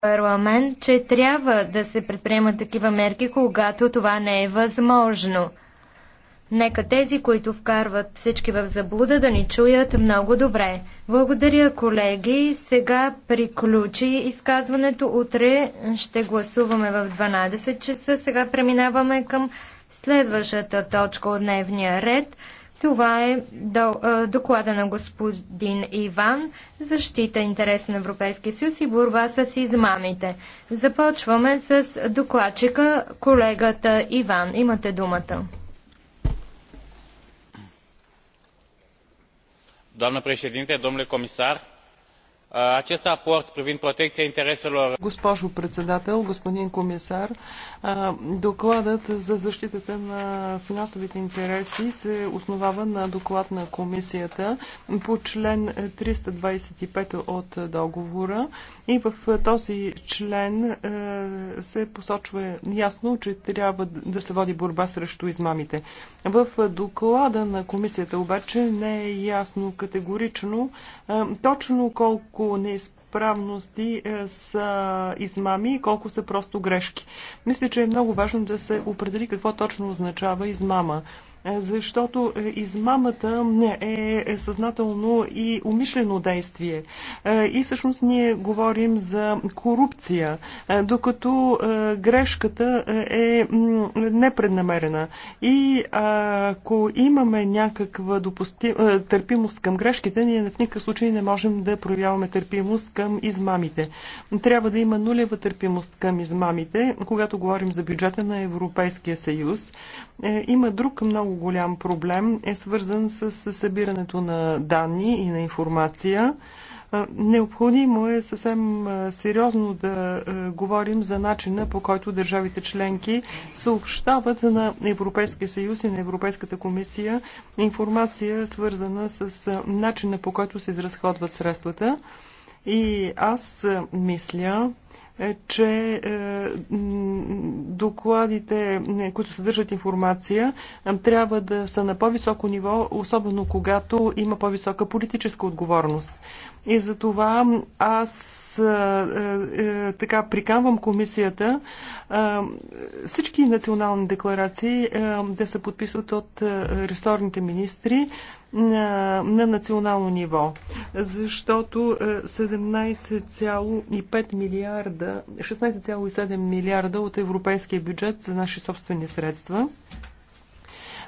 парламент, че трябва да се предприемат такива мерки, когато това не е възможно. Нека тези, които вкарват всички в заблуда, да ни чуят много добре. Благодаря, колеги. Сега приключи изказването. Утре ще гласуваме в 12 часа. Сега преминаваме към следващата точка от дневния ред. Това е, е доклада на господин Иван защита интерес на Европейския съюз и борба с измамите. Започваме с докладчика, колегата Иван. Имате думата. Доамна președinte, domnule комисар, acest raport privind protecția intereselor... Госпожо председател, господин комисар, докладът за защитата на финансовите интереси се основава на доклад на комисията по член 325 от договора и в този член се посочва ясно, че трябва да се води борба срещу измамите. В доклада на комисията обаче не е ясно категорично точно колко колко неизправности е, са измами и колко са просто грешки. Мисля, че е много важно да се определи какво точно означава измама защото е, измамата е съзнателно и умишлено действие. Е, и всъщност ние говорим за корупция, е, докато грешката е непреднамерена. И ако имаме някаква допустим, търпимост към грешките, ние в никакъв случай не можем да проявяваме търпимост към измамите. Трябва да има нулева търпимост към измамите, когато говорим за бюджета на Европейския съюз. Има друг много много голям проблем е свързан с събирането на данни и на информация. Необходимо е съвсем сериозно да говорим за начина по който държавите членки съобщават на Европейския съюз и на Европейската комисия информация, свързана с начина по който се изразходват средствата. И аз мисля, е, че е, докладите, е, които съдържат информация, трябва да са на по-високо ниво, особено когато има по-висока политическа отговорност. И за това аз е, е, така приканвам комисията е, всички национални декларации е, да се подписват от е, ресорните министри, на, на национално ниво, защото 17,5 е, милиарда, 16,7 милиарда от европейския бюджет за наши собствени средства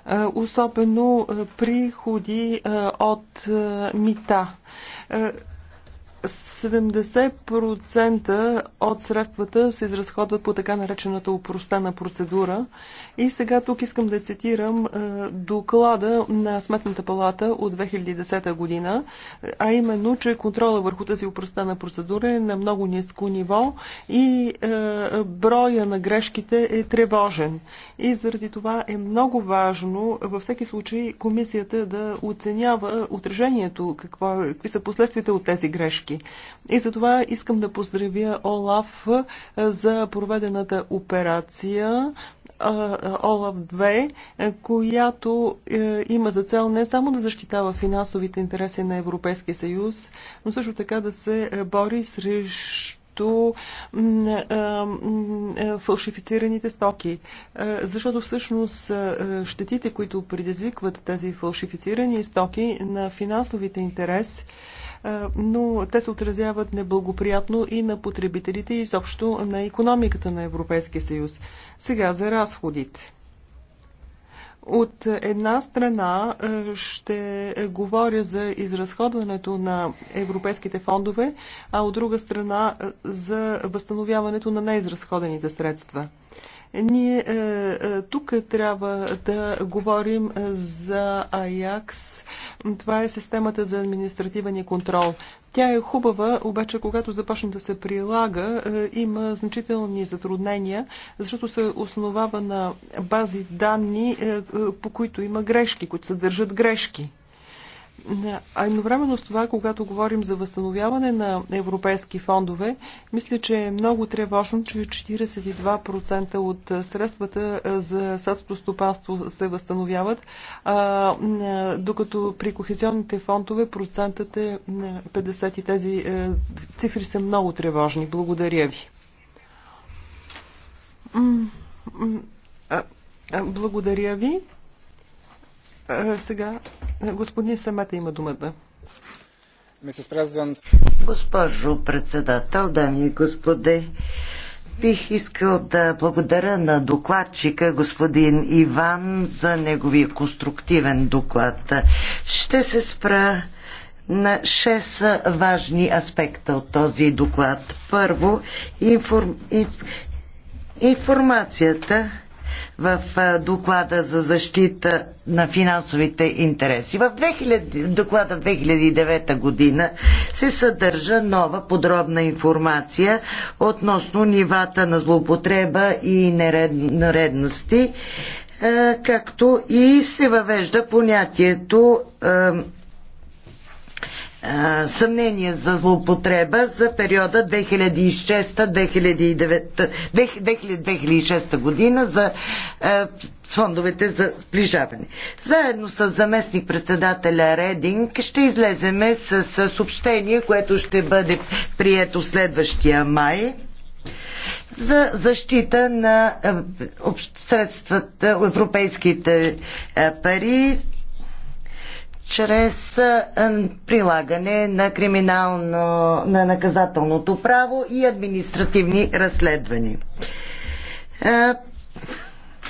е, особено е, приходи от мита. 70% от средствата се изразходват по така наречената упростена процедура. И сега тук искам да цитирам е, доклада на Сметната палата от 2010 година, а именно, че контрола върху тази упростена процедура е на много ниско ниво и е, броя на грешките е тревожен. И заради това е много важно във всеки случай комисията да оценява отражението, какво, е, какви са последствията от тези грешки всички. И затова искам да поздравя Олаф за проведената операция Олаф 2, която е, има за цел не само да защитава финансовите интереси на Европейския съюз, но също така да се бори срещу фалшифицираните стоки. Защото всъщност щетите, които предизвикват тези фалшифицирани стоки на финансовите интереси, е, но те се отразяват неблагоприятно и на потребителите и изобщо на економиката на Европейския съюз. Сега за разходите. От една страна е, ще говоря за изразходването на европейските фондове, а от друга страна е, за възстановяването на неизразходените средства. Ние е, е, тук трябва да говорим за Аякс. Това е системата за административен и контрол. Тя е хубава, обаче когато започне да се прилага, е, има значителни затруднения, защото се основава на бази данни, по които има грешки, които съдържат грешки. А едновременно с това, когато говорим за възстановяване на европейски фондове, мисля, че е много тревожно, че 42% от средствата за съдството стопанство се възстановяват, а, докато при кохезионните фондове процентът е 50 и тези е, цифри са много тревожни. Благодаря ви. Благодаря ви. Е, сега е, господин Самета има думата. Госпожо председател, дами и господи, бих искал да благодаря на докладчика господин Иван за неговия конструктивен доклад. Ще се спра на шест важни аспекта от този доклад. Първо, информ... информацията в доклада за защита на финансовите интереси. В 2000, доклада в 2009 година се съдържа нова подробна информация относно нивата на злоупотреба и наредности, нередности, както и се въвежда понятието съмнение за злоупотреба за периода 2006-2006 година за фондовете за сближаване. Заедно с заместник председателя Рединг ще излеземе с съобщение, което ще бъде прието следващия май за защита на средствата, европейските пари чрез прилагане на криминално, на наказателното право и административни разследвания.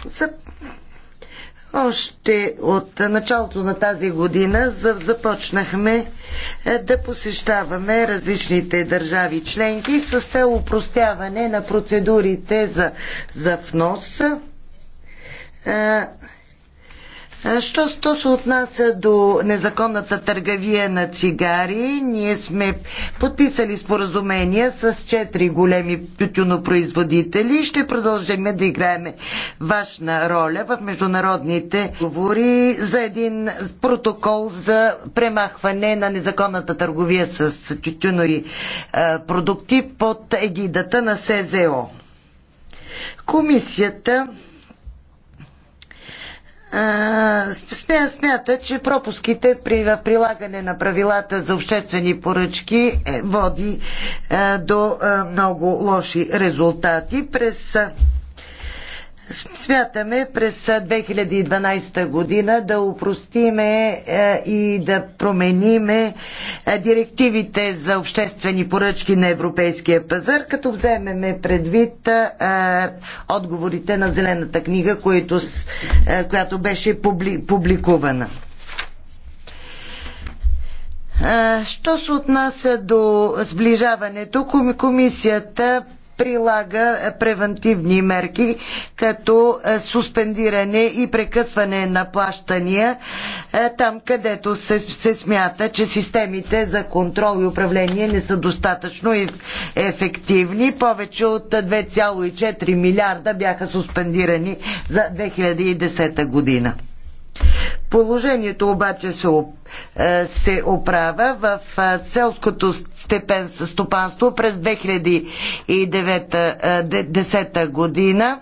За още от началото на тази година започнахме да посещаваме различните държави членки с цел упростяване на процедурите за, за внос Що то се отнася до незаконната търговия на цигари, ние сме подписали споразумения с четири големи тютюнопроизводители. Ще продължим да играем важна роля в международните говори за един протокол за премахване на незаконната търговия с тютюнови продукти под егидата на СЗО. Комисията а, смята, че пропуските при прилагане на правилата за обществени поръчки е, води до много лоши резултати. През Смятаме през 2012 година да упростиме е, и да промениме е, директивите за обществени поръчки на европейския пазар, като вземеме предвид е, отговорите на Зелената книга, която беше публикувана. Що се отнася до сближаването, комисията прилага е, превентивни мерки, като е, суспендиране и прекъсване на плащания е, там, където се, се смята, че системите за контрол и управление не са достатъчно ефективни. Повече от 2,4 милиарда бяха суспендирани за 2010 година. Положението обаче се, е, се оправя в е, селското степен стопанство през 2010 е, година.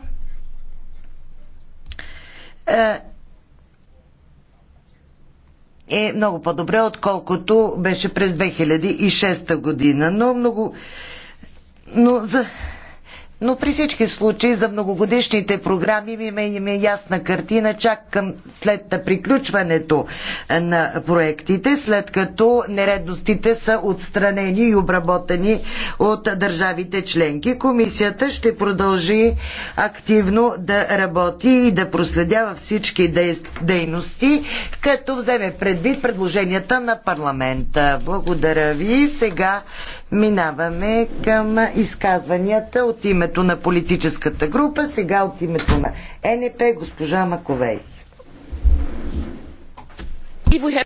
е много по-добре, отколкото беше през 2006 година. Но много... Но за... Но при всички случаи за многогодишните програми има е ясна картина чак към след приключването е, на проектите, след като нередностите са отстранени и обработени от държавите членки. Комисията ще продължи активно да работи и да проследява всички дейности, като вземе предвид предложенията на парламента. Благодаря ви. Сега Минаваме към изказванията от името на политическата група, сега от името на НП госпожа Маковей.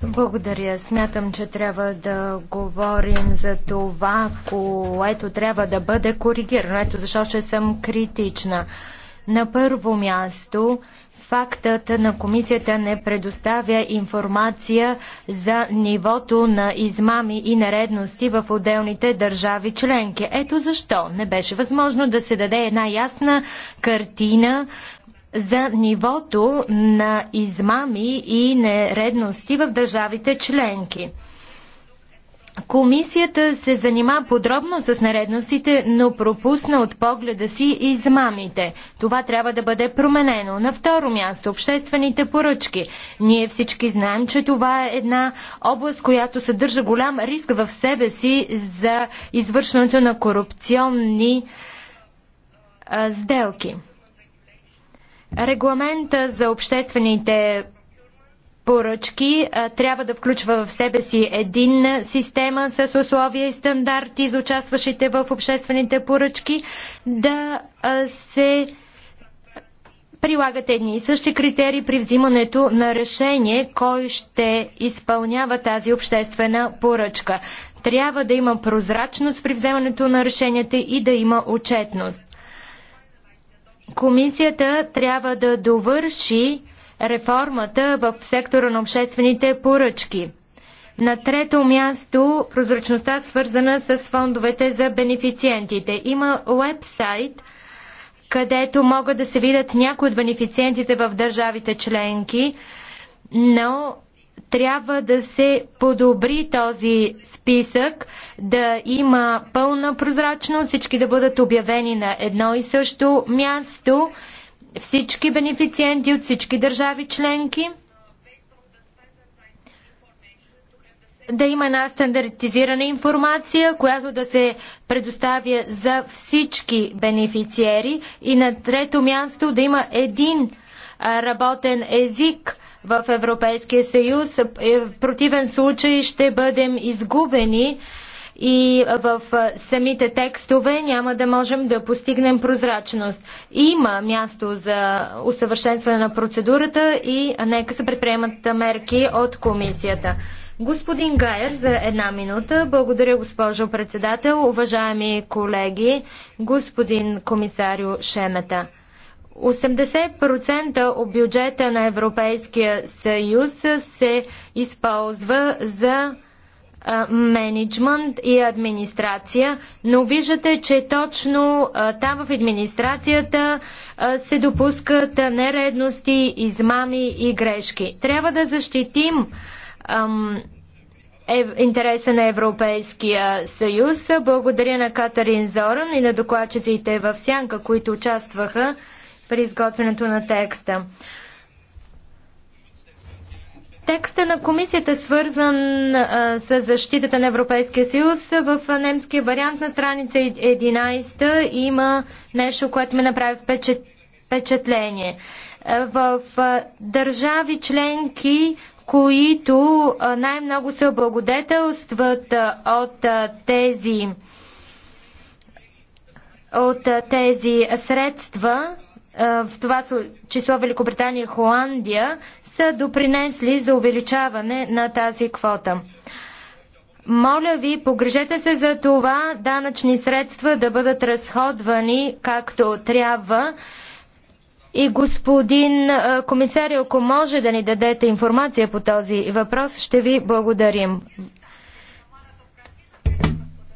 Благодаря. Смятам, че трябва да говорим за това, което трябва да бъде коригирано. Ето защо ще съм критична. На първо място, фактът на комисията не предоставя информация за нивото на измами и наредности в отделните държави членки. Ето защо не беше възможно да се даде една ясна картина за нивото на измами и нередности в държавите членки. Комисията се занима подробно с наредностите, но пропусна от погледа си измамите. Това трябва да бъде променено. На второ място, обществените поръчки. Ние всички знаем, че това е една област, която съдържа голям риск в себе си за извършването на корупционни а, сделки. Регламента за обществените поръчки трябва да включва в себе си един система с условия и стандарти за участващите в обществените поръчки, да се прилагат едни и същи критерии при взимането на решение, кой ще изпълнява тази обществена поръчка. Трябва да има прозрачност при вземането на решенията и да има отчетност. Комисията трябва да довърши реформата в сектора на обществените поръчки. На трето място прозрачността свързана с фондовете за бенефициентите. Има уебсайт, където могат да се видят някои от бенефициентите в държавите членки, но трябва да се подобри този списък, да има пълна прозрачност, всички да бъдат обявени на едно и също място всички бенефициенти от всички държави членки, да има една стандартизирана информация, която да се предоставя за всички бенефициери и на трето място да има един работен език в Европейския съюз. Е, в противен случай ще бъдем изгубени и в самите текстове няма да можем да постигнем прозрачност. Има място за усъвършенстване на процедурата и нека се предприемат мерки от комисията. Господин Гайер, за една минута. Благодаря, госпожо председател. Уважаеми колеги, господин комисарио Шемета. 80% от бюджета на Европейския съюз се използва за менеджмент и администрация, но виждате, че точно там в администрацията се допускат нередности, измами и грешки. Трябва да защитим е, интереса на Европейския съюз. Благодаря на Катарин Зоран и на докладчиците в Сянка, които участваха при изготвянето на текста. Текста на комисията, свързан а, с защитата на Европейския съюз, в немския вариант на страница 11 има нещо, което ме направи впечатление. В а, държави членки, които най-много се облагодетелстват от а, тези от тези средства, в това число Великобритания и Холандия, са допринесли за увеличаване на тази квота. Моля ви, погрежете се за това данъчни средства да бъдат разходвани както трябва. И господин комисар, ако може да ни дадете информация по този въпрос, ще ви благодарим.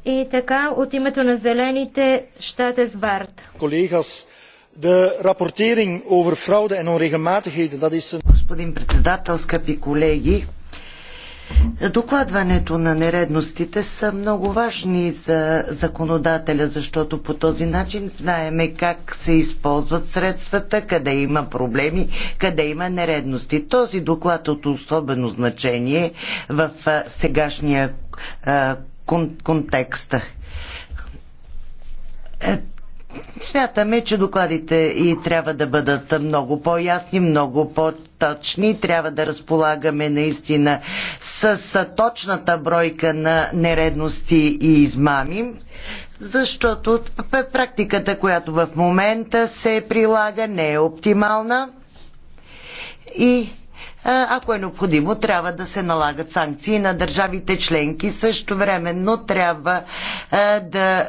И така, от името на зелените, щата с Барт. Колегас, de rapportering over fraude en onregelmatigheden, is een... Господин председател, скъпи колеги, Докладването на нередностите са много важни за законодателя, защото по този начин знаеме как се използват средствата, къде има проблеми, къде има нередности. Този доклад е от особено значение в сегашния контекст е, Смятаме, че докладите и трябва да бъдат много по-ясни, много по-точни. Трябва да разполагаме наистина с точната бройка на нередности и измами, защото практиката, която в момента се прилага, не е оптимална. И ако е необходимо, трябва да се налагат санкции на държавите членки. Също времено трябва да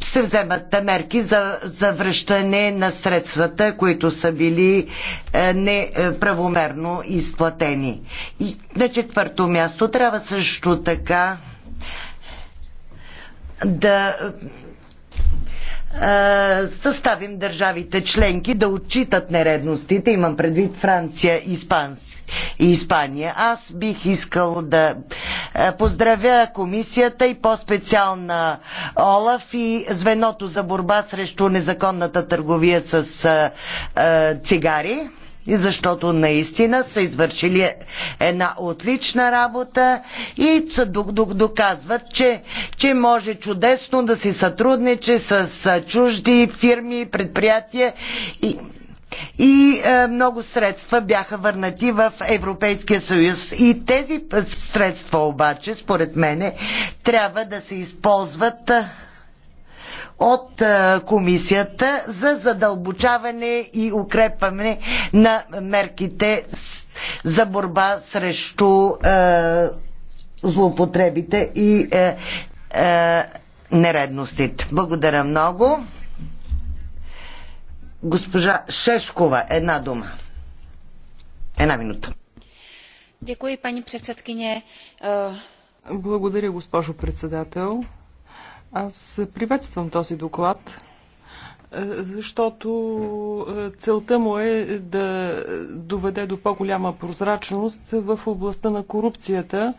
се вземат мерки за, за връщане на средствата, които са били е, неправомерно е, изплатени. И на четвърто място трябва също така да съставим държавите членки да отчитат нередностите, имам предвид Франция и, Испания. Аз бих искал да поздравя комисията и по-специална Олаф и звеното за борба срещу незаконната търговия с цигари и защото наистина са извършили една отлична работа и доказват, че, че може чудесно да си сътрудничи с чужди фирми, предприятия и и е, много средства бяха върнати в Европейския съюз. И тези средства обаче, според мене, трябва да се използват е, от е, комисията за задълбочаване и укрепване на мерките за борба срещу е, злоупотребите и е, нередностите. Благодаря много. Госпожа Шешкова, една дума. Една минута. Благодаря, госпожо председател. Аз приветствам този доклад защото е, целта му е да доведе до по-голяма прозрачност в областта на корупцията.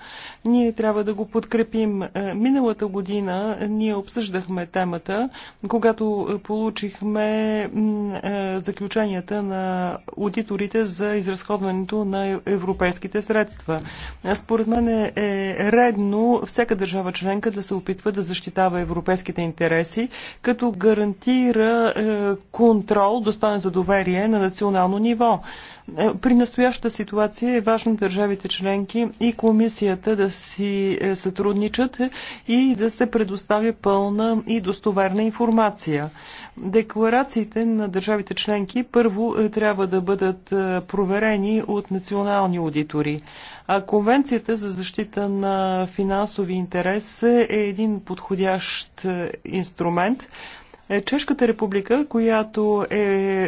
Ние трябва да го подкрепим. Е, миналата година ние обсъждахме темата, когато получихме е, заключенията на аудиторите за изразходването на европейските средства. Според мен е редно всяка държава членка да се опитва да защитава европейските интереси, като гарантира е, контрол, достоен за доверие на национално ниво. Е, при настоящата ситуация е важно държавите членки и комисията да си е, сътрудничат и да се предоставя пълна и достоверна информация. Декларациите на държавите членки първо трябва да бъдат проверени от национални аудитори. А Конвенцията за защита на финансови интерес е един подходящ инструмент, е, чешката република, която е,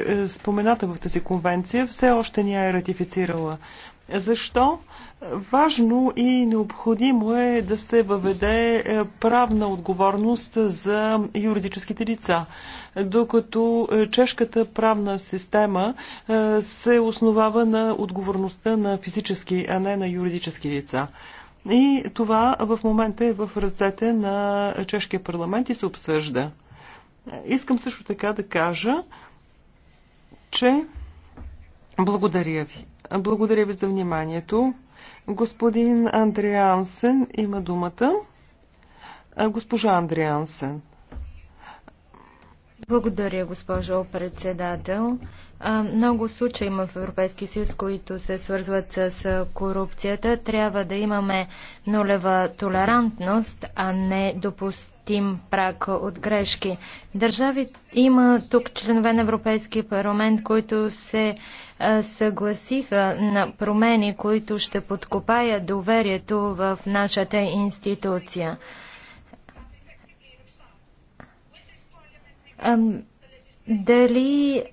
е спомената в тази конвенция, все още не е ратифицирала. Защо? Важно и необходимо е да се въведе е, правна отговорност за юридическите лица, докато чешката правна система се основава на отговорността на физически, а не на юридически лица. И това в момента е в ръцете на чешкия парламент и се обсъжда. Искам също така да кажа, че благодаря ви. Благодаря ви за вниманието. Господин Андриансен има думата. Госпожа Андриансен. Благодаря, госпожо председател. Много случаи има в Европейски съюз, които се свързват с корупцията. Трябва да имаме нулева толерантност, а не допустимост изпратим прак от грешки. Държави има тук членове на Европейския парламент, които се а, съгласиха на промени, които ще подкопаят доверието в нашата институция. А, дали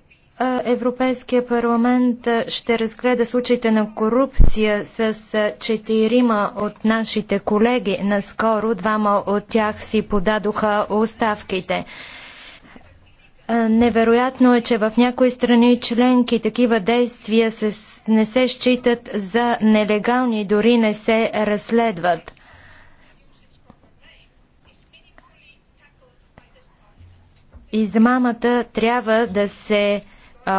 Европейския парламент ще разгледа случаите на корупция с четирима от нашите колеги. Наскоро двама от тях си подадоха оставките. Невероятно е, че в някои страни членки такива действия се, не се считат за нелегални и дори не се разследват. Измамата трябва да се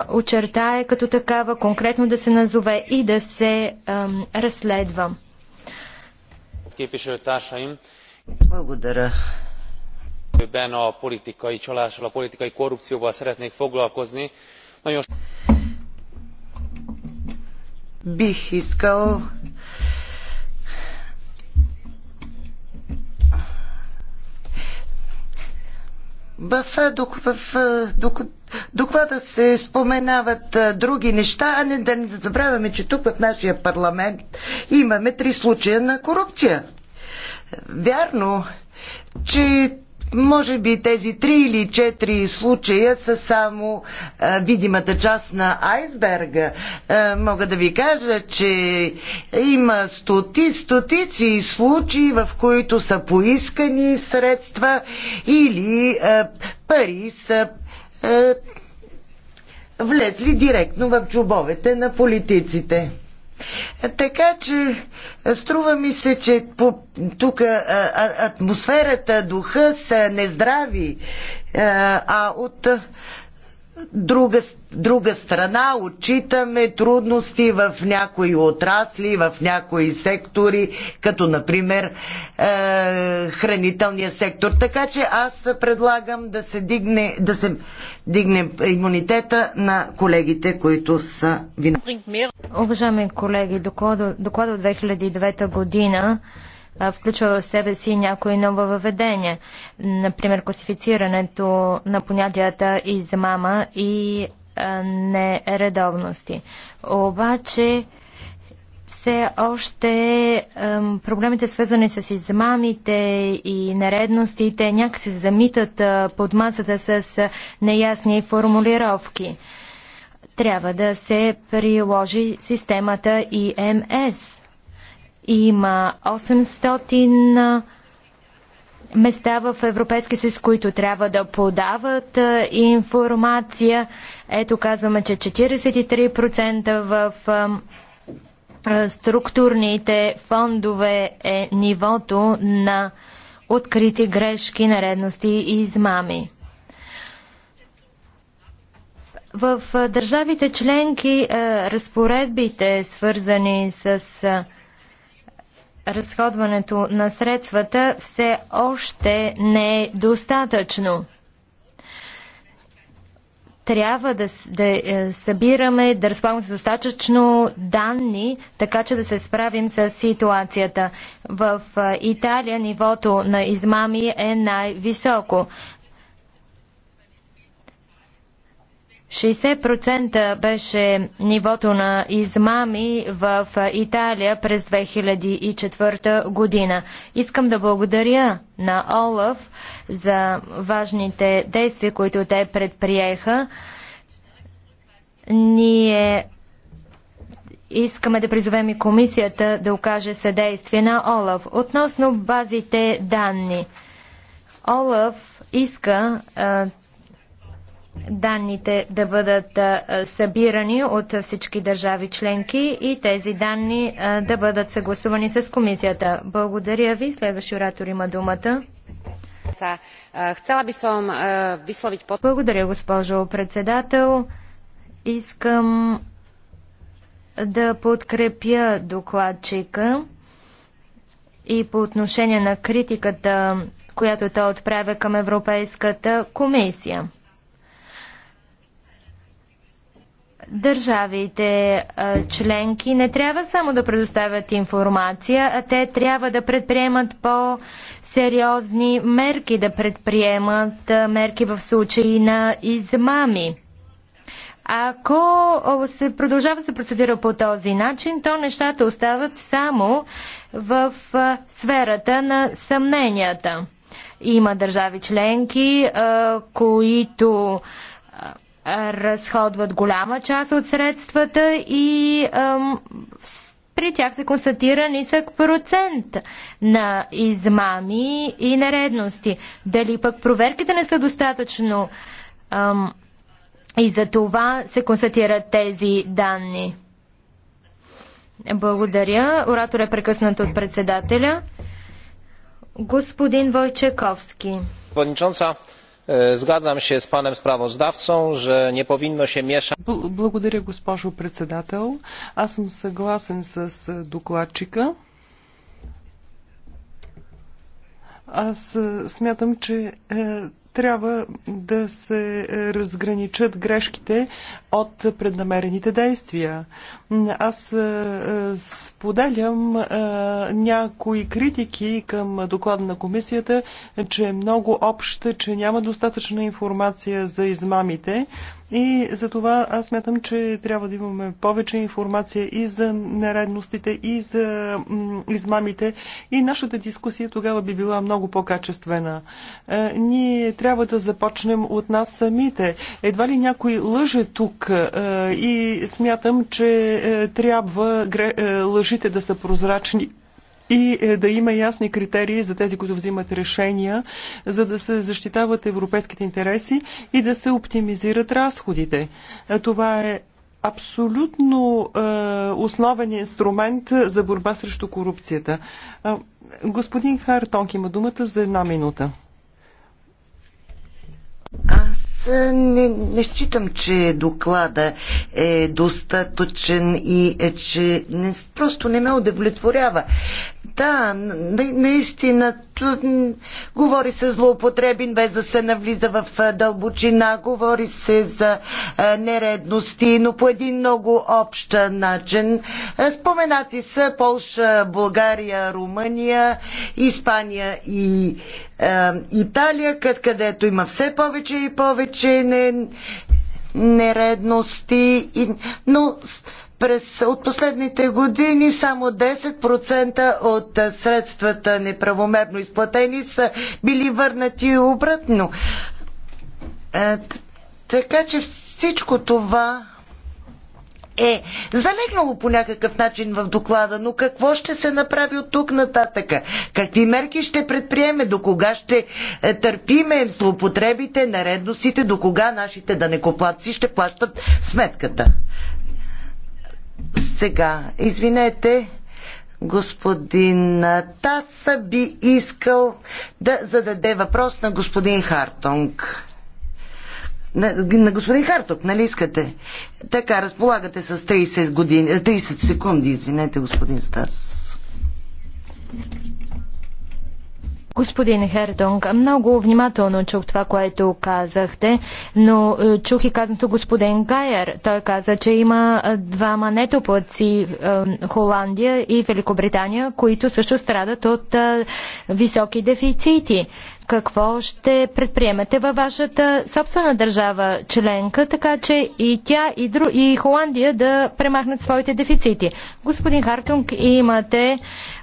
очертае като такава, конкретно да се назове и да се разследва. Благодаря. a politikai csalással, a politikai korrupcióval szeretnék foglalkozni. Nagyon... Бих искал в, в доклада се споменават други неща, а не да не забравяме, че тук в нашия парламент имаме три случая на корупция. Вярно, че може би тези три или четири случая са само а, видимата част на айсберга. А, мога да ви кажа, че има стоти, стотици случаи, в които са поискани средства или а, пари са е, влезли директно в чубовете на политиците. Така че е, струва ми се, че по, тук е, а, атмосферата, духа са нездрави, а, е, а от друга, друга страна отчитаме трудности в някои отрасли, в някои сектори, като например е, хранителния сектор. Така че аз предлагам да се дигне, да се дигне имунитета на колегите, които са виновни. Уважаеми колеги, доклада, доклада от 2009 година включва в себе си някои ново въведение. Например, класифицирането на понятията измама и нередовности. Обаче, все още ем, проблемите свързани с измамите и нередностите някак се замитат е, под масата с е, неясни формулировки. Трябва да се приложи системата ИМС има 800 места в Европейския съюз, които трябва да подават информация. Ето казваме, че 43% в структурните фондове е нивото на открити грешки, наредности и измами. В държавите членки разпоредбите, свързани с разходването на средствата все още не е достатъчно. Трябва да, да е, събираме, да разполагаме с достатъчно данни, така че да се справим с ситуацията. В е, Италия нивото на измами е най-високо. 60% беше нивото на измами в Италия през 2004 година. Искам да благодаря на Олаф за важните действия, които те предприеха. Ние искаме да призовем и комисията да окаже съдействие на Олаф. Относно базите данни, Олаф иска данните да бъдат събирани от всички държави членки и тези данни да бъдат съгласувани с комисията. Благодаря ви. Следващия оратор има думата. Благодаря, госпожо председател. Искам да подкрепя докладчика и по отношение на критиката, която той отправя към Европейската комисия. Държавите членки не трябва само да предоставят информация, а те трябва да предприемат по-сериозни мерки, да предприемат мерки в случаи на измами. Ако се продължава да се процедира по този начин, то нещата остават само в сферата на съмненията. Има държави членки, които разходват голяма част от средствата и ам, при тях се констатира нисък процент на измами и нередности. Дали пък проверките не са достатъчно ам, и за това се констатират тези данни. Благодаря. Оратор е прекъснат от председателя. Господин Войчековски. Вълничонца. Zgadzam się z panem sprawozdawcą, że nie powinno się mieszać. Благодаря, госпожо председател. Аз съм съгласен с е, докладчика. Аз е, смятам, че е, трябва да се е, разграничат грешките от преднамерените действия. Аз е, е, споделям някои критики към доклада на комисията, че е много обща, че няма достатъчна информация за измамите. И за това аз смятам, че трябва да имаме повече информация и за нередностите, и за измамите. И нашата дискусия тогава би била много по-качествена. Е, ние трябва да започнем от нас самите. Едва ли някой лъже тук е, и смятам, че е, трябва лъжите да са прозрачни и е, да има ясни критерии за тези, които взимат решения, за да се защитават европейските интереси и да се оптимизират разходите. Е, това е абсолютно е, основен инструмент за борба срещу корупцията. Е, господин Хартонг има думата за една минута. Аз не, не считам, че доклада е достатъчен и е, че не, просто не ме удовлетворява. Да, наистина. Говори се злоупотреби, без да се навлиза в дълбочина, говори се за нередности, но по един много общ начин. Споменати са Полша, България, Румъния, Испания и е, Италия, където има все повече и повече не, нередности, но през от последните години само 10% от средствата неправомерно изплатени са били върнати обратно. Е, така че всичко това е залегнало по някакъв начин в доклада, но какво ще се направи от тук нататъка? Какви мерки ще предприеме? До кога ще е, търпиме злоупотребите, нередностите? До кога нашите данекоплатци ще плащат сметката? Сега, извинете, господин Таса би искал да зададе въпрос на господин Хартонг. На, на господин Хартонг, нали искате? Така, разполагате с 30, години, 30 секунди, извинете, господин Стас. Господин Хертонг, много внимателно чух това, което казахте, но е, чух и казаното господин Гайер. Той каза, че има е, двама нетоплаци е, Холандия и Великобритания, които също страдат от високи дефицити какво ще предприемете във вашата собствена държава членка, така че и тя и, дру, и Холандия да премахнат своите дефицити. Господин Хартунг, имате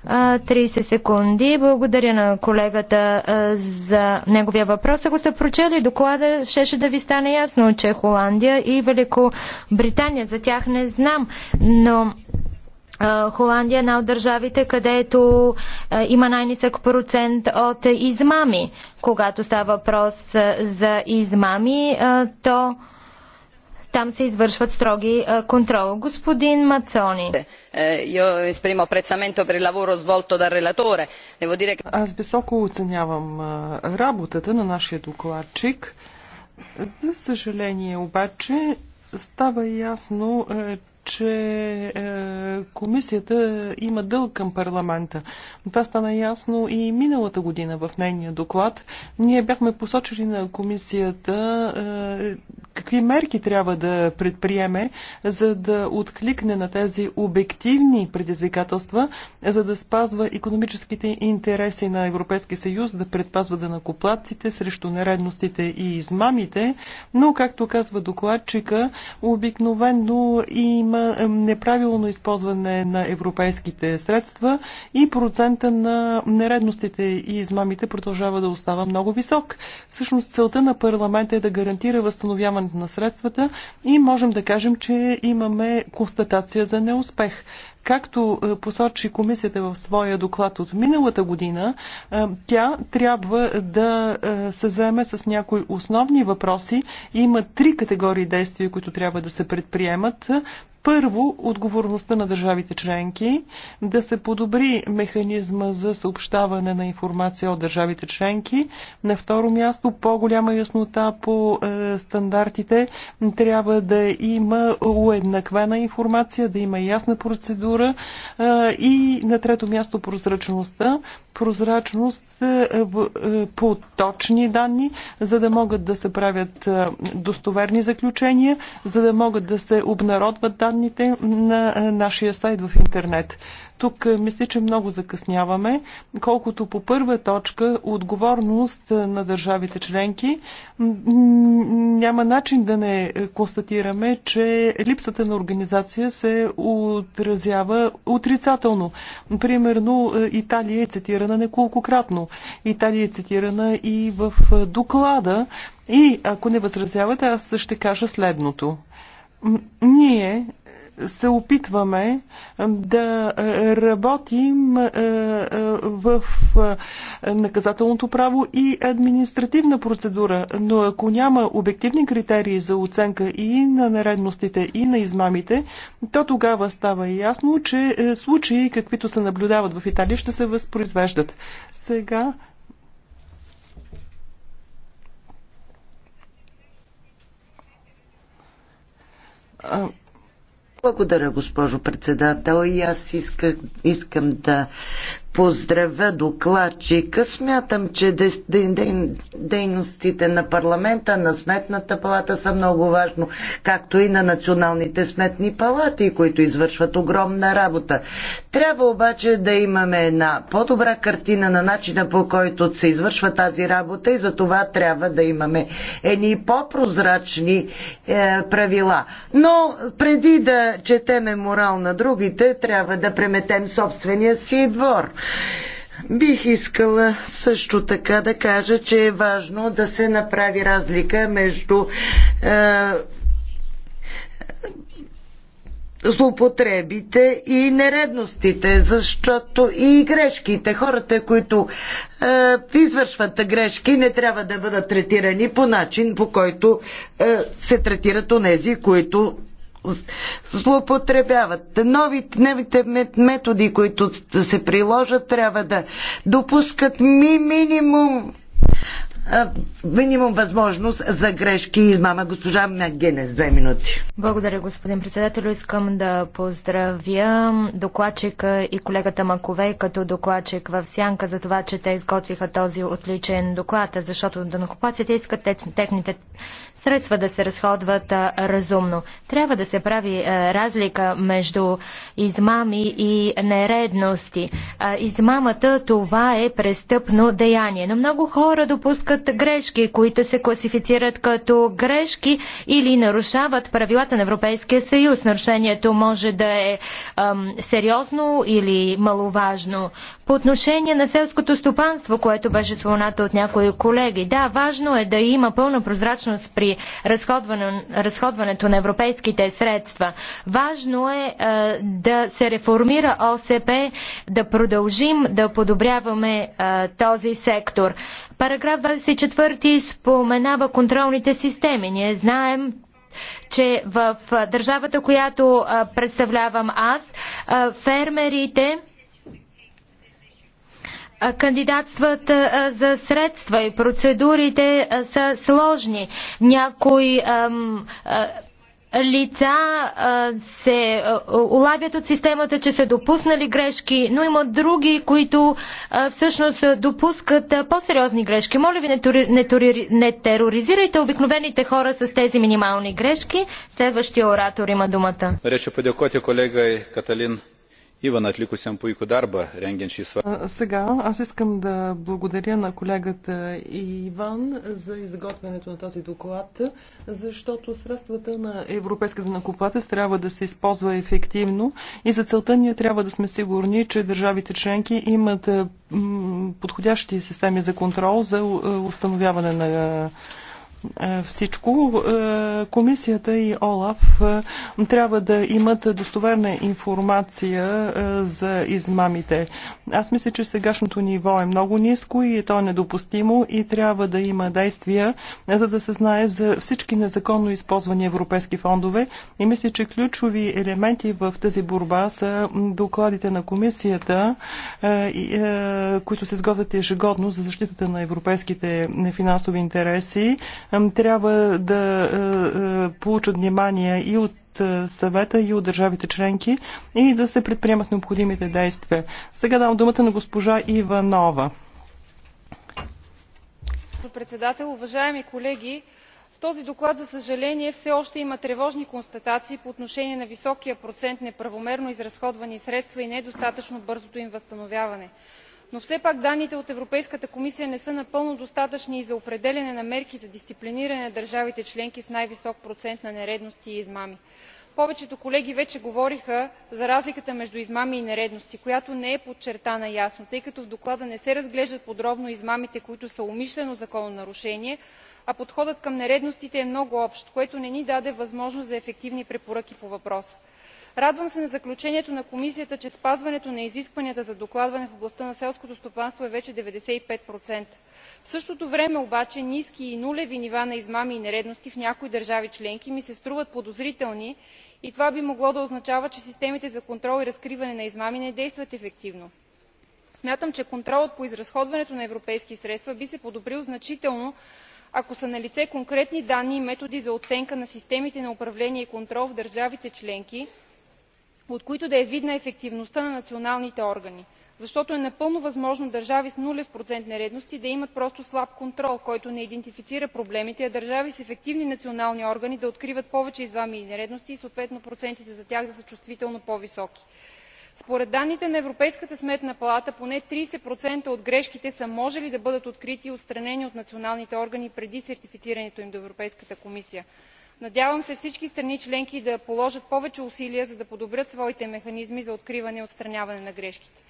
а, 30 секунди. Благодаря на колегата а, за неговия въпрос. Ако сте прочели доклада, щеше да ви стане ясно, че Холандия и Великобритания, за тях не знам, но Холандия е една от държавите, където има най-нисък процент от измами. Когато става въпрос за измами, то там се извършват строги контрол. Господин Мацони. Е, Аз високо оценявам работата на нашия докладчик. За съжаление обаче става ясно, е, че е, комисията има дълг към парламента. Това стана ясно и миналата година в нейния доклад. Ние бяхме посочили на комисията е, какви мерки трябва да предприеме, за да откликне на тези обективни предизвикателства, за да спазва економическите интереси на Европейския съюз, да предпазва данакоплатците срещу нередностите и измамите, но, както казва докладчика, обикновено има има е, неправилно използване на европейските средства и процента на нередностите и измамите продължава да остава много висок. Всъщност целта на парламента е да гарантира възстановяването на средствата и можем да кажем, че имаме констатация за неуспех. Както е, посочи комисията в своя доклад от миналата година, е, тя трябва да е, се заеме с някои основни въпроси. Има три категории действия, които трябва да се предприемат. Първо, отговорността на държавите членки, да се подобри механизма за съобщаване на информация от държавите членки. На второ място, по-голяма яснота по е, стандартите. Трябва да има уеднаквена информация, да има ясна процедура сектора и на трето място прозрачността. Прозрачност е, е, е, по точни данни, за да могат да се правят достоверни заключения, за да могат да се обнародват данните на нашия сайт в интернет. Тук е, мисля, че много закъсняваме. Колкото по първа точка, отговорност е, на държавите членки, няма начин да не е, констатираме, че липсата на организация се отразява отрицателно. Примерно Италия е цитирана неколкократно. Италия е цитирана и в доклада. И ако не възразявате, аз ще кажа следното. Ние се опитваме да е, работим е, е, в наказателното право и административна процедура, но ако няма обективни критерии за оценка и на нередностите, и на измамите, то тогава става ясно, че случаи, каквито се наблюдават в Италия, ще се възпроизвеждат. Сега а, благодаря, госпожо председател. И аз исках, искам да поздравя докладчика. Смятам, че дейностите на парламента, на сметната палата са много важно, както и на националните сметни палати, които извършват огромна работа. Трябва обаче да имаме една по-добра картина на начина по който се извършва тази работа и за това трябва да имаме едни по-прозрачни е, правила. Но преди да четеме морал на другите, трябва да преметем собствения си двор. Бих искала също така да кажа, че е важно да се направи разлика между е, злоупотребите и нередностите, защото и грешките, хората, които е, извършват грешки, не трябва да бъдат третирани по начин, по който е, се третират онези, които злоупотребяват. Новите, новите методи, които се приложат, трябва да допускат ми минимум минимум възможност за грешки и измама. Госпожа Магенес, две минути. Благодаря, господин председател. Искам да поздравя докладчика и колегата Маковей като докладчик в Сянка за това, че те изготвиха този отличен доклад, защото данокопаците искат техните средства да се разходват разумно. Трябва да се прави разлика между измами и нередности. Измамата това е престъпно деяние, но много хора допускат грешки, които се класифицират като грешки или нарушават правилата на Европейския съюз. Нарушението може да е ам, сериозно или маловажно. По отношение на селското стопанство, което беше споменато от някои колеги, да, важно е да има пълна прозрачност при разходване, разходването на европейските средства. Важно е, е да се реформира ОСП, да продължим да подобряваме е, този сектор. Параграф 24 споменава контролните системи. Ние знаем, че в държавата, която е, представлявам аз, фермерите кандидатстват за средства и процедурите са сложни. Някои лица се улавят от системата, че са допуснали грешки, но има други, които всъщност допускат по-сериозни грешки. Моля ви, не, не, не тероризирайте обикновените хора с тези минимални грешки. Следващия оратор има думата. Речи подякоти колега Каталин Иван отликусям ико дарба, ренген ши Сега аз искам да благодаря на колегата Иван за изготвянето на този доклад, защото средствата на европейската накоплатец трябва да се използва ефективно и за целта ние трябва да сме сигурни, че държавите членки имат подходящи системи за контрол за е, установяване на е, всичко. Е, комисията и ОЛАФ е, трябва да имат достоверна информация за измамите. Аз мисля, че сегашното ниво е много ниско и то е недопустимо и трябва да има действия, за да се знае за всички незаконно използвани европейски фондове. И мисля, че ключови елементи в тази борба са докладите на комисията, които се изготвят ежегодно за защитата на европейските финансови интереси, трябва да е, е, получат внимание и от е, съвета, и от държавите членки и да се предприемат необходимите действия. Сега давам думата на госпожа Иванова. Председател, уважаеми колеги, в този доклад, за съжаление, все още има тревожни констатации по отношение на високия процент неправомерно изразходвани средства и недостатъчно бързото им възстановяване но все пак данните от европейската комисия не са напълно достатъчни и за определяне на мерки за дисциплиниране на държавите членки с най висок процент на нередности и измами. повечето колеги вече говориха за разликата между измами и нередности която не е подчертана ясно тъй като в доклада не се разглеждат подробно измамите които са умишлено закононарушение а подходът към нередностите е много общ което не ни даде възможност за ефективни препоръки по въпроса радвам се на заключението на комисията че спазването на изискванията за докладване в областта на селското стопанство е вече. ninety five в същото време обаче ниски и нулеви нива на измами и нередности в някои държави членки ми се струват подозрителни и това би могло да означава че системите за контрол и разкриване на измами не действат ефективно. смятам че контролът по изразходването на европейски средства би се подобрил значително ако са налице конкретни данни и методи за оценка на системите на управление и контрол в държавите членки от които да е видна ефективността на националните органи защото е напълно възможно държави с нулев процент нередности да имат просто слаб контрол който не идентифицира проблемите а държави с ефективни национални органи да откриват повече измами и нередности и съответно процентите за тях да са чувствително по високи. според данните на европейската сметна палата поне 30% от грешките са можели да бъдат открити и отстранени от националните органи преди сертифицирането им до европейската комисия надявам се всички страни членки да положат повече усилия за да подобрят своите механизми за откриване и отстраняване на грешките.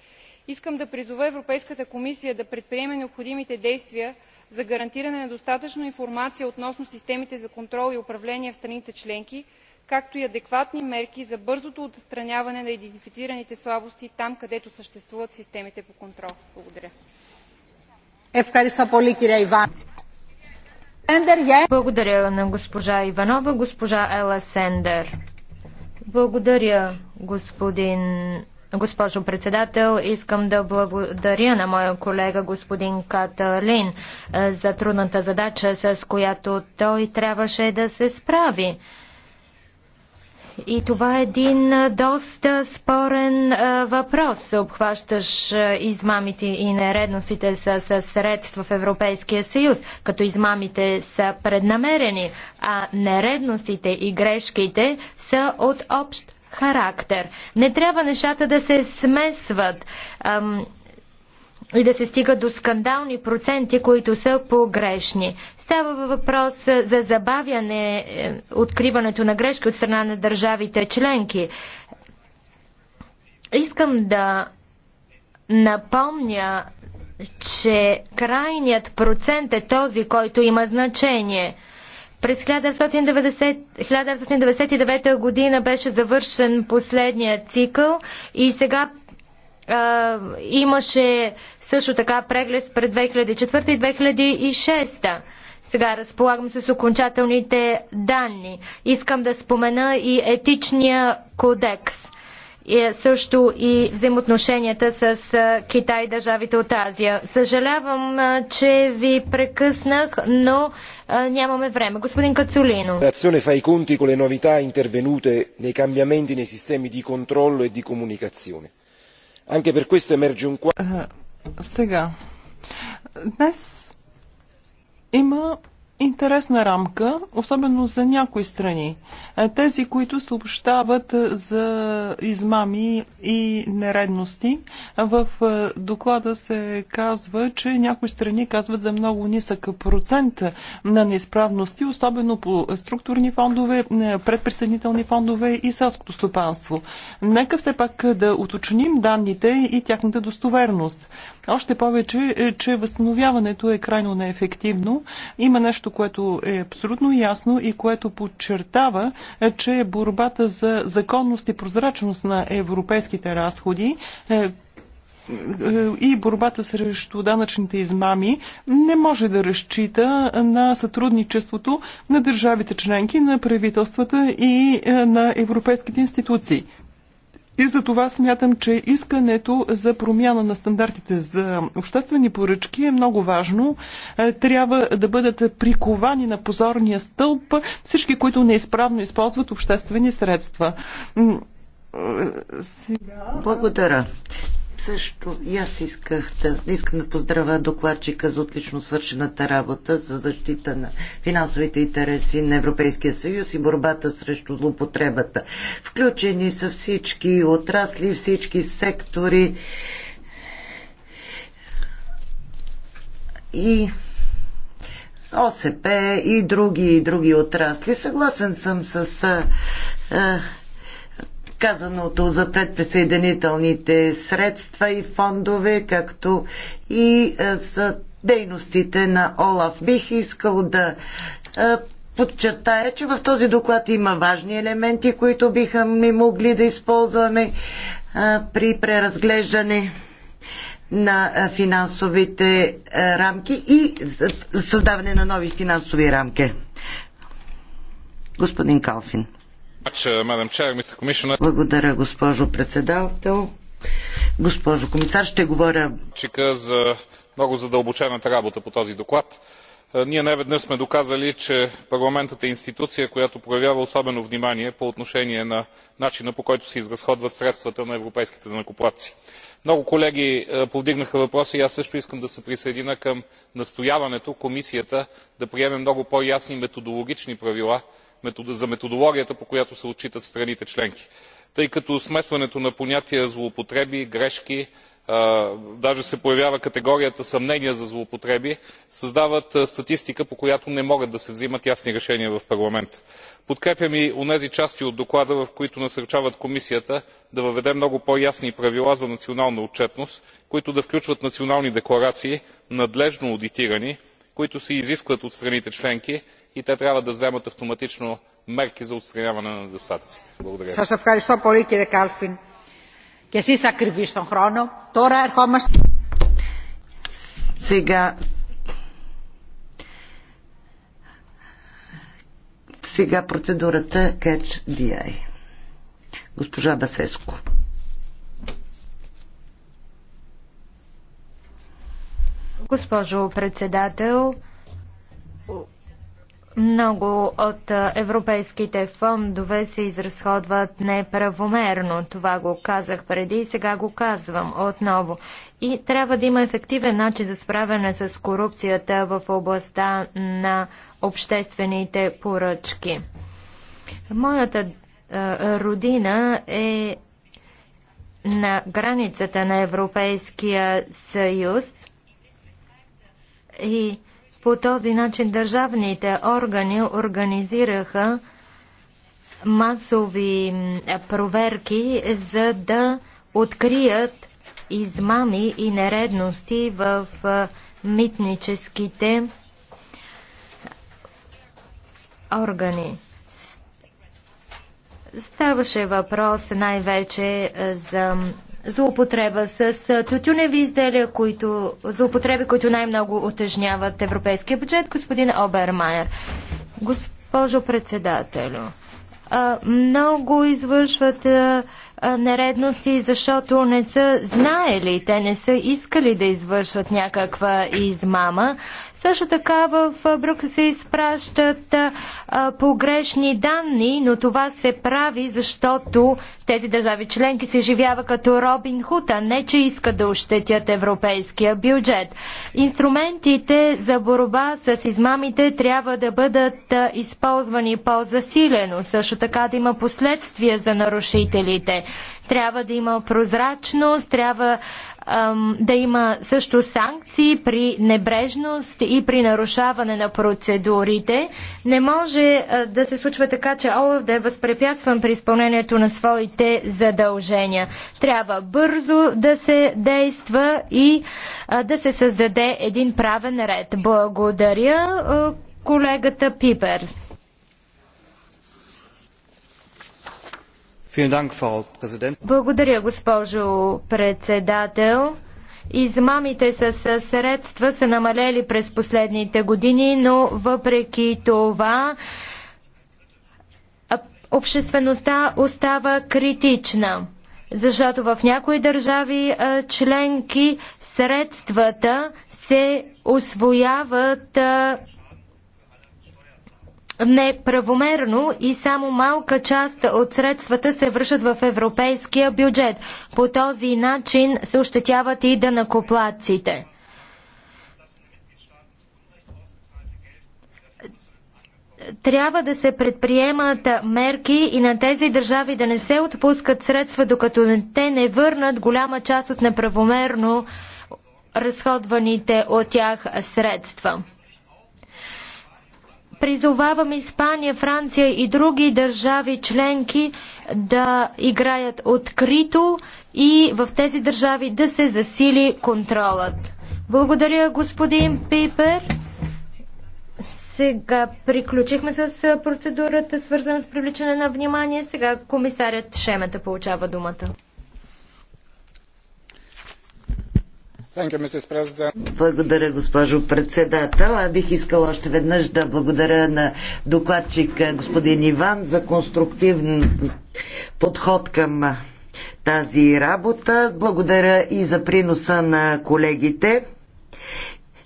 искам да призова европейската комисия да предприеме необходимите действия за гарантиране на достатъчно информация относно системите за контрол и управление в страните членки както и адекватни мерки за бързото отстраняване на идентифицираните слабости там където съществуват системите по контрол. благодаря. Е. Благодаря на госпожа Иванова, госпожа Ела Сендер. Благодаря, господин Госпожо председател, искам да благодаря на моя колега господин Каталин е, за трудната задача, с която той трябваше да се справи. И това е един доста спорен а, въпрос, обхващаш а, измамите и нередностите с, с средства в Европейския съюз, като измамите са преднамерени, а нередностите и грешките са от общ характер. Не трябва нещата да се смесват. Ам, и да се стига до скандални проценти, които са погрешни. Става въпрос е, за забавяне е, откриването на грешки от страна на държавите членки. Искам да напомня, че крайният процент е този, който има значение. През 1999 година беше завършен последният цикъл и сега а, имаше също така преглед пред 2004 и 2006. Сега разполагам с окончателните данни. Искам да спомена и етичния кодекс. И е, също и взаимоотношенията с Китай и държавите от Азия. Съжалявам, че ви прекъснах, но нямаме време. Господин Кацулино. L'azione fa i conti con le novità intervenute nei cambiamenti nei sistemi di controllo e di Anche per questo emerge un... Сега. Днес има интересна рамка, особено за някои страни. Е, тези, които съобщават е, за измами и нередности. В е, доклада се казва, че някои страни казват за много нисък процент на неизправности, особено по структурни фондове, предприсъединителни фондове и селското стопанство. Нека все пак да уточним данните и тяхната достоверност. Още повече, е, че възстановяването е крайно неефективно. Има нещо, което е абсолютно ясно и което подчертава, е, че борбата за законност и прозрачност на европейските разходи, е, и борбата срещу данъчните измами не може да разчита на сътрудничеството на държавите членки, на правителствата и на европейските институции. И за това смятам, че искането за промяна на стандартите за обществени поръчки е много важно. Е, трябва да бъдат приковани на позорния стълб всички, които неизправно използват обществени средства. Е, сега... Благодаря. Също и аз исках да, искам да поздравя докладчика за отлично свършената работа за защита на финансовите интереси на Европейския съюз и борбата срещу злоупотребата. Включени са всички отрасли, всички сектори и ОСП и други, и други отрасли. Съгласен съм с а, казаното за предприсъединителните средства и фондове, както и за дейностите на ОЛАФ. Бих искал да подчертая, че в този доклад има важни елементи, които биха ми могли да използваме при преразглеждане на финансовите рамки и създаване на нови финансови рамки. Господин Калфин. Uh, Благодаря, госпожо председател. Госпожо комисар, ще говоря... ...за много задълбочената работа по този доклад. Е, ние неведнъж сме доказали, че парламентът е институция, която проявява особено внимание по отношение на начина по който се изразходват средствата на европейските данъкоплатци. Много колеги е, повдигнаха въпроса и аз също искам да се присъединя към настояването комисията да приеме много по ясни методологични правила за методологията по която се отчитат страните членки тъй като смесването на понятия злоупотреби грешки даже се появява категорията съмнения за злоупотреби създават статистика по която не могат да се взимат ясни решения в парламента. подкрепям и онези части от доклада в които насърчават комисията да въведе много по ясни правила за национална отчетност които да включват национални декларации надлежно одитирани които се изискват от страните членки и те трябва да вземат автоматично мерки за отстраняване на недостатъците. Благодаря. Сега процедурата Госпожо председател, много от европейските фондове се изразходват неправомерно. Това го казах преди и сега го казвам отново. И трябва да има ефективен начин за справяне с корупцията в областта на обществените поръчки. Моята е, родина е на границата на Европейския съюз – и по този начин държавните органи организираха масови проверки, за да открият измами и нередности в митническите органи. Ставаше въпрос най-вече за злоупотреба с тютюневи изделия, които, злоупотреби, които най-много отежняват европейския бюджет, господин Обермайер. Госпожо председателю, много извършват нередности, защото не са знаели, те не са искали да извършват някаква измама. Също така в Брюксел се изпращат а, погрешни данни, но това се прави, защото тези държави членки се живява като Робин Худ, а не че искат да ощетят европейския бюджет. Инструментите за борба с измамите трябва да бъдат а, използвани по-засилено, също така да има последствия за нарушителите. Трябва да има прозрачност, трябва да има също санкции при небрежност и при нарушаване на процедурите. Не може да се случва така, че ОЛАФ да е възпрепятстван при изпълнението на своите задължения. Трябва бързо да се действа и да се създаде един правен ред. Благодаря колегата Пиперс. Благодаря, госпожо председател. Измамите с средства са намалели през последните години, но въпреки това обществеността остава критична. Защото в някои държави членки средствата се освояват неправомерно и само малка част от средствата се връщат в европейския бюджет. По този начин се ощетяват и накоплаците. трябва да се предприемат мерки и на тези държави да не се отпускат средства, докато те не върнат голяма част от неправомерно разходваните от тях средства. Призовавам Испания, Франция и други държави членки да играят открито и в тези държави да се засили контролът. Благодаря, господин Пипер. Сега приключихме с процедурата, свързана с привличане на внимание. Сега комисарят Шемета получава думата. Благодаря, госпожо председател. А бих искала още веднъж да благодаря на докладчик господин Иван за конструктивен подход към тази работа. Благодаря и за приноса на колегите.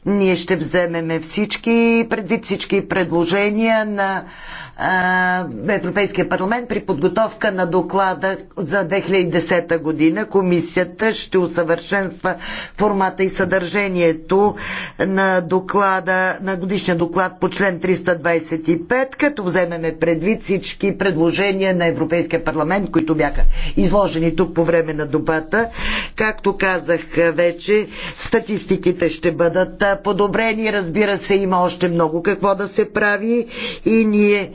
Ние ще вземеме всички, предвид всички предложения на Европейския парламент при подготовка на доклада за 2010 година. Комисията ще усъвършенства формата и съдържанието на доклада, на годишния доклад по член 325, като вземеме предвид всички предложения на Европейския парламент, които бяха изложени тук по време на дебата. Както казах вече, статистиките ще бъдат подобрени. Разбира се, има още много какво да се прави и ние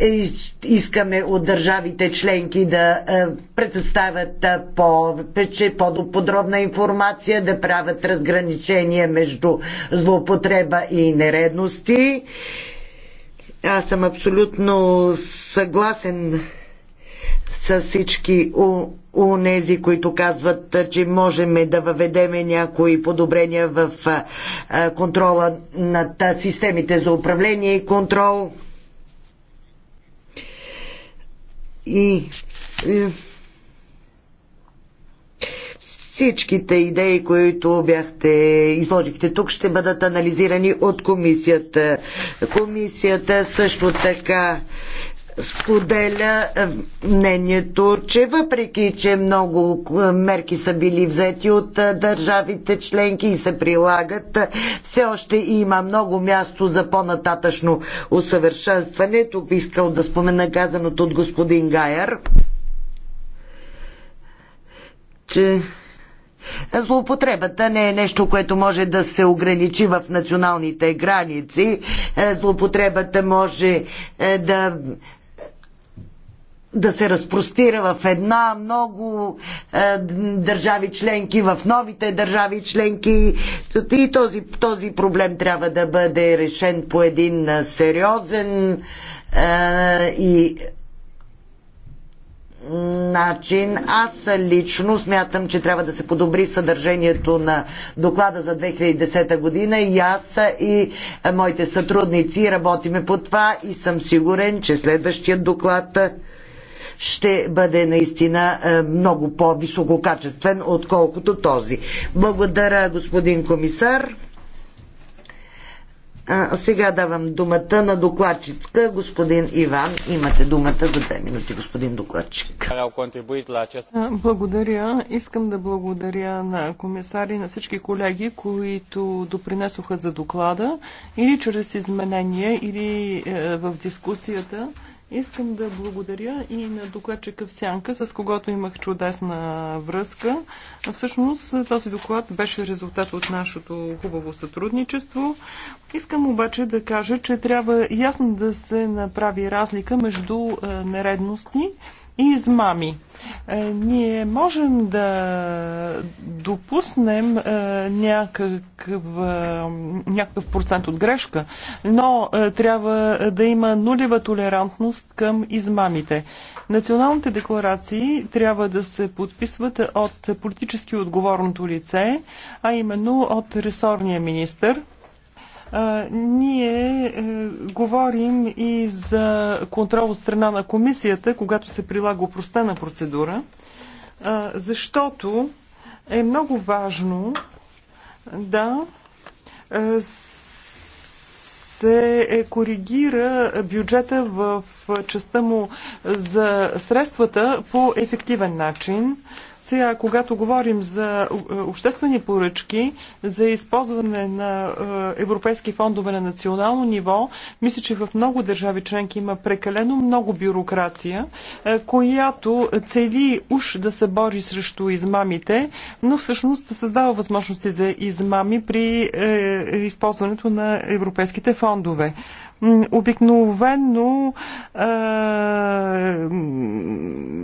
е, искаме от държавите членки да е, предоставят е, по, по-подробна информация, да правят разграничение между злоупотреба и нередности. Аз съм абсолютно съгласен с всички у, нези, които казват, че можем да въведеме някои подобрения в контрола над системите за управление и контрол и е, всичките идеи, които бяхте изложихте тук, ще бъдат анализирани от комисията. Комисията също така споделя е, мнението, че въпреки, че много е, мерки са били взети от е, държавите членки и се прилагат, все още има много място за по-нататъчно усъвършенстване. Тук би искал да спомена казаното от господин Гайер, че Злоупотребата не е нещо, което може да се ограничи в националните граници. Злоупотребата може да да се разпростира в една много е, държави членки, в новите държави членки. И този, този проблем трябва да бъде решен по един е, сериозен е, и начин. Аз лично смятам, че трябва да се подобри съдържанието на доклада за 2010 година и аз и моите сътрудници работиме по това и съм сигурен, че следващия доклад ще бъде наистина е, много по-висококачествен, отколкото този. Благодаря, господин комисар. А, сега давам думата на докладчицка. Господин Иван, имате думата за две минути, господин докладчик. Благодаря. Искам да благодаря на комисари и на всички колеги, които допринесоха за доклада или чрез изменения, или е, в дискусията. Искам да благодаря и на докладчика в Сянка, с когото имах чудесна връзка. Всъщност този доклад беше резултат от нашето хубаво сътрудничество. Искам обаче да кажа, че трябва ясно да се направи разлика между е, нередности и измами. Е, ние можем да допуснем е, някакъв, е, някакъв процент от грешка, но трябва да има нулева толерантност към измамите. Националните декларации трябва да се подписват от политически отговорното лице, а именно от ресорния министр – ние е, говорим и за контрол от страна на комисията, когато се прилага упростена процедура, защото е много важно да е, се е, коригира бюджета в частта му за средствата по ефективен начин. Сега, когато говорим за е, обществени поръчки, за използване на е, европейски фондове на национално ниво, мисля, че в много държави членки има прекалено много бюрокрация, е, която цели уж да се бори срещу измамите, но всъщност създава възможности за измами при използването на европейските фондове. Обикновено е,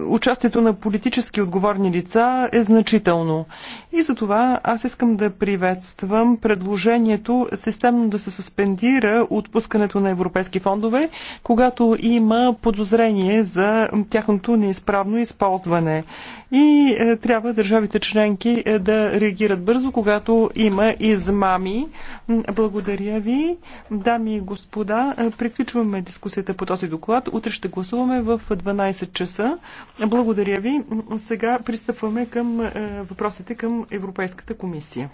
участието на политически отговорни лица е значително. И за това аз искам да приветствам предложението системно да се суспендира отпускането на европейски фондове, когато има подозрение за тяхното неизправно използване. И е, трябва държавите членки е, да реагират бързо, когато има измами. Благодаря ви. Дами и господа, е, приключваме дискусията по този доклад. Утре ще гласуваме в 12 часа. Благодаря ви. Сега пристъпваме към е, въпросите към към Европейската комисия.